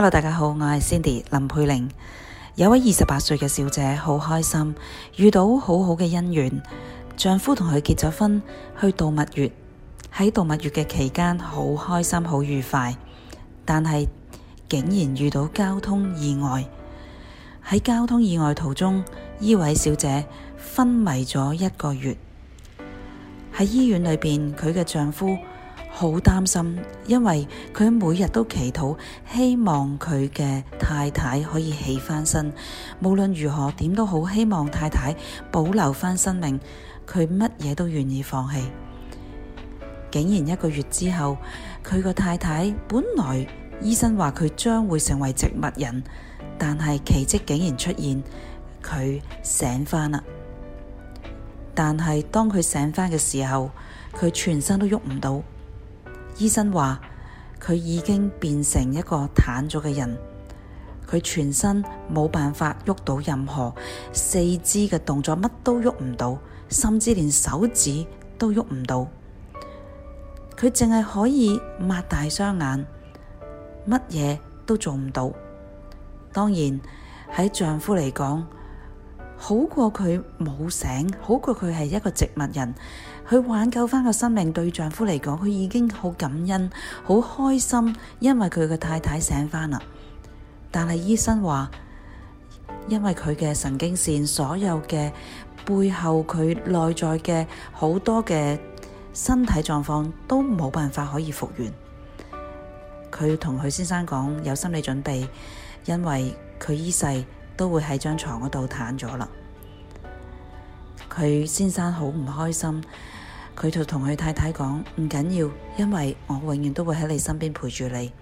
Hello，大家好，我係 Cindy 林佩玲。有位二十八歲嘅小姐好開心，遇到好好嘅姻緣，丈夫同佢結咗婚，去度蜜月。喺度蜜月嘅期間，好開心，好愉快。但係竟然遇到交通意外，喺交通意外途中，呢位小姐昏迷咗一個月。喺醫院裏邊，佢嘅丈夫。好擔心，因為佢每日都祈禱，希望佢嘅太太可以起翻身。無論如何，點都好希望太太保留翻生命，佢乜嘢都願意放棄。竟然一個月之後，佢個太太本來醫生話佢將會成為植物人，但係奇蹟竟然出現，佢醒翻啦。但係當佢醒翻嘅時候，佢全身都喐唔到。醫生話佢已經變成一個癱咗嘅人，佢全身冇辦法喐到任何四肢嘅動作，乜都喐唔到，甚至連手指都喐唔到。佢淨係可以擘大雙眼，乜嘢都做唔到。當然，喺丈夫嚟講。好過佢冇醒，好過佢係一個植物人，佢挽救翻個生命。對丈夫嚟講，佢已經好感恩、好開心，因為佢嘅太太醒翻啦。但係醫生話，因為佢嘅神經線，所有嘅背後佢內在嘅好多嘅身體狀況都冇辦法可以復原。佢同佢先生講有心理準備，因為佢呢世。都會喺張床嗰度癱咗啦。佢先生好唔開心，佢就同佢太太講：唔緊要，因為我永遠都會喺你身邊陪住你，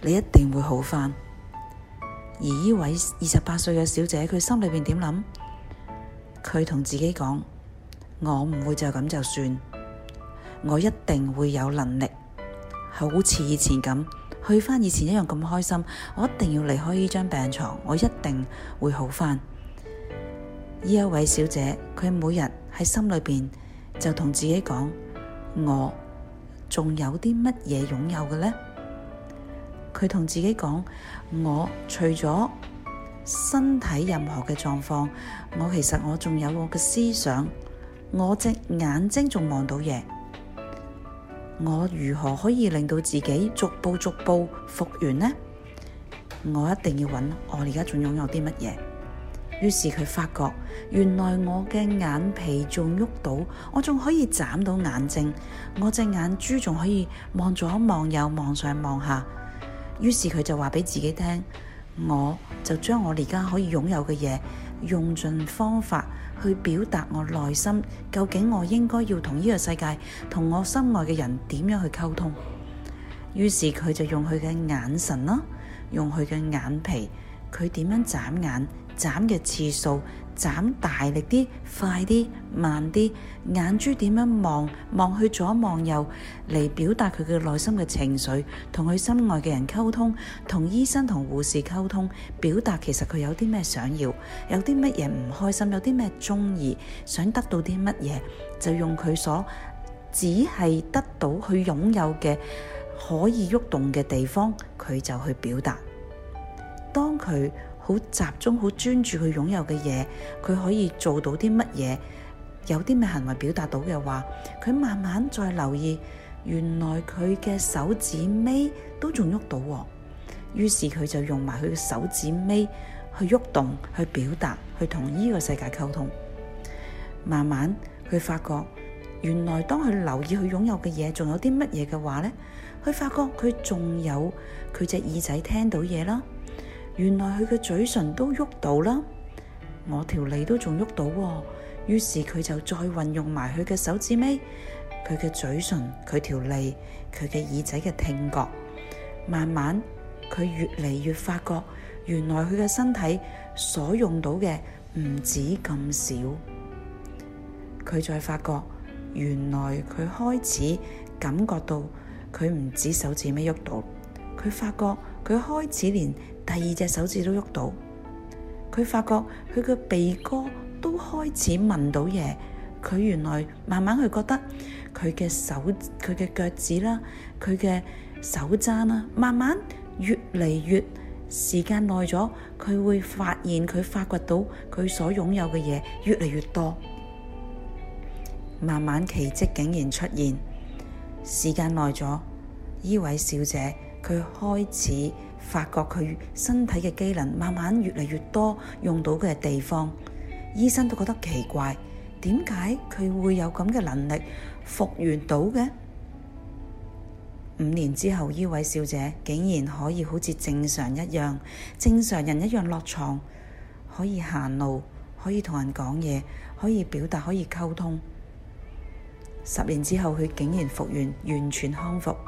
你一定會好返。而呢位二十八歲嘅小姐，佢心裏邊點諗？佢同自己講：我唔會就咁就算，我一定會有能力，好似以前咁。去返以前一樣咁開心，我一定要離開呢張病床，我一定會好返。呢一位小姐，佢每日喺心裏邊就同自己講：我仲有啲乜嘢擁有嘅呢？佢同自己講：我除咗身體任何嘅狀況，我其實我仲有我嘅思想，我隻眼睛仲望到嘢。我如何可以令到自己逐步逐步復原呢？我一定要揾我而家仲擁有啲乜嘢。於是佢發覺原來我嘅眼皮仲喐到，我仲可以眨到眼睛，我隻眼珠仲可以望左望右望上望下。於是佢就話俾自己聽，我就將我而家可以擁有嘅嘢。用盡方法去表達我內心，究竟我應該要同呢個世界、同我心愛嘅人點樣去溝通？於是佢就用佢嘅眼神啦，用佢嘅眼皮，佢點樣眨眼？眨嘅次數，眨大力啲，快啲，慢啲，眼珠點樣望，望去左望右，嚟表達佢嘅內心嘅情緒，同佢心愛嘅人溝通，同醫生同護士溝通，表達其實佢有啲咩想要，有啲乜嘢唔開心，有啲咩中意，想得到啲乜嘢，就用佢所只係得到佢擁有嘅可以喐動嘅地方，佢就去表達。當佢。好集中，好專注佢擁有嘅嘢，佢可以做到啲乜嘢？有啲咩行為表達到嘅話，佢慢慢再留意，原來佢嘅手指尾都仲喐到喎。於是佢就用埋佢嘅手指尾去喐動，去表達，去同呢個世界溝通。慢慢佢發覺，原來當佢留意佢擁有嘅嘢，仲有啲乜嘢嘅話呢？佢發覺佢仲有佢隻耳仔聽到嘢啦。原來佢嘅嘴唇都喐到啦，我條脷都仲喐到喎。於是佢就再運用埋佢嘅手指尾，佢嘅嘴唇，佢條脷，佢嘅耳仔嘅聽覺，慢慢佢越嚟越發覺，原來佢嘅身體所用到嘅唔止咁少。佢再發覺，原來佢開始感覺到佢唔止手指尾喐到，佢發覺佢開始連。第二隻手指都喐到，佢發覺佢嘅鼻哥都開始聞到嘢。佢原來慢慢去覺得佢嘅手、佢嘅腳趾啦、佢嘅手踭啦，慢慢越嚟越時間耐咗，佢會發現佢發掘到佢所擁有嘅嘢越嚟越多。慢慢奇蹟竟然出現，時間耐咗，呢位小姐佢開始。發覺佢身體嘅機能慢慢越嚟越多用到嘅地方，醫生都覺得奇怪，點解佢會有咁嘅能力復原到嘅？五年之後，呢位小姐竟然可以好似正常一樣，正常人一樣落床，可以行路，可以同人講嘢，可以表達，可以溝通。十年之後，佢竟然復原完,完全康復，呢、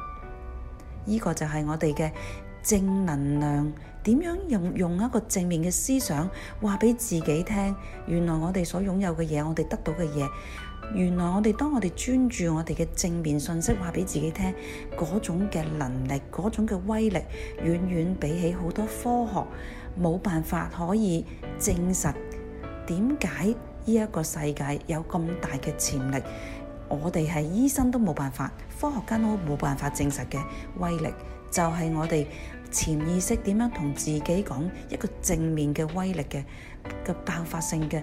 呢個就係我哋嘅。正能量，點樣用用一個正面嘅思想話俾自己聽？原來我哋所擁有嘅嘢，我哋得到嘅嘢，原來我哋當我哋專注我哋嘅正面信息話俾自己聽，嗰種嘅能力，嗰種嘅威力，遠遠比起好多科學，冇辦法可以證實。點解呢一個世界有咁大嘅潛力？我哋係醫生都冇辦法，科學家都冇辦法證實嘅威力。就係我哋潛意識點樣同自己講一個正面嘅威力嘅嘅爆發性嘅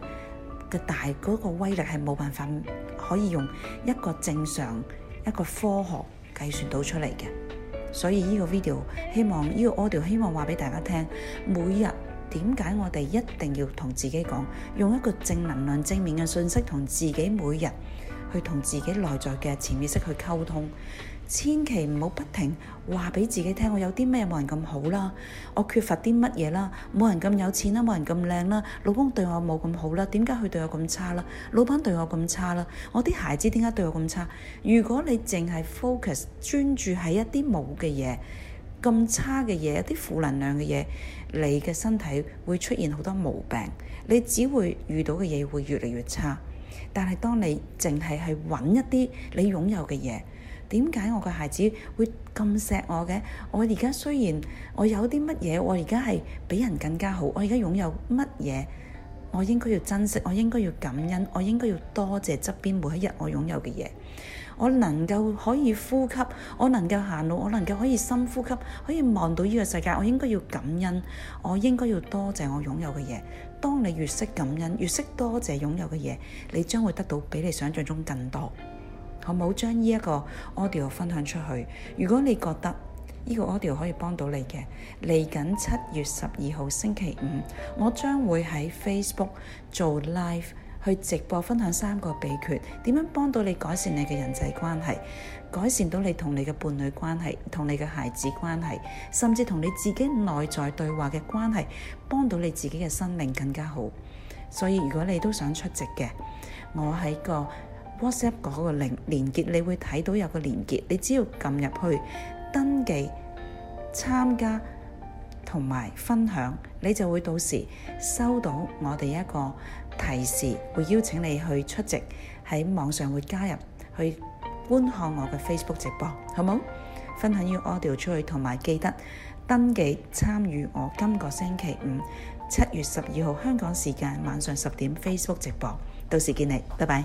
嘅大，嗰個威力係冇辦法可以用一個正常一個科學計算到出嚟嘅。所以呢個 video 希望，呢個 audio 希望話俾大家聽，每日點解我哋一定要同自己講，用一個正能量正面嘅信息同自己每日去同自己內在嘅潛意識去溝通。千祈唔好不停話俾自己聽，我有啲咩冇人咁好啦，我缺乏啲乜嘢啦，冇人咁有錢啦，冇人咁靚啦，老公對我冇咁好啦，點解佢對我咁差啦？老闆對我咁差啦，我啲孩子點解對我咁差？如果你淨係 focus 專注喺一啲冇嘅嘢、咁差嘅嘢，一啲負能量嘅嘢，你嘅身體會出現好多毛病，你只會遇到嘅嘢會越嚟越差。但係當你淨係去揾一啲你擁有嘅嘢。點解我個孩子會咁錫我嘅？我而家雖然我有啲乜嘢，我而家係比人更加好。我而家擁有乜嘢，我應該要珍惜，我應該要感恩，我應該要多謝側邊每一日我擁有嘅嘢。我能夠可以呼吸，我能夠行路，我能夠可以深呼吸，可以望到呢個世界，我應該要感恩，我應該要多謝我擁有嘅嘢。當你越識感恩，越識多謝擁有嘅嘢，你將會得到比你想象中更多。我冇將呢一個 audio 分享出去。如果你覺得呢個 audio 可以幫到你嘅，嚟緊七月十二號星期五，我將會喺 Facebook 做 live 去直播分享三個秘訣，點樣幫到你改善你嘅人際關係，改善到你同你嘅伴侶關係、同你嘅孩子關係，甚至同你自己內在對話嘅關係，幫到你自己嘅生命更加好。所以如果你都想出席嘅，我喺個 WhatsApp 嗰個連連結，你會睇到有個連結，你只要撳入去登記參加同埋分享，你就會到時收到我哋一個提示，會邀請你去出席喺網上會加入去觀看我嘅 Facebook 直播，好冇？分享要 Audio 出去，同埋記得登記參與我今個星期五七月十二號香港時間晚上十點 Facebook 直播，到時見你，拜拜。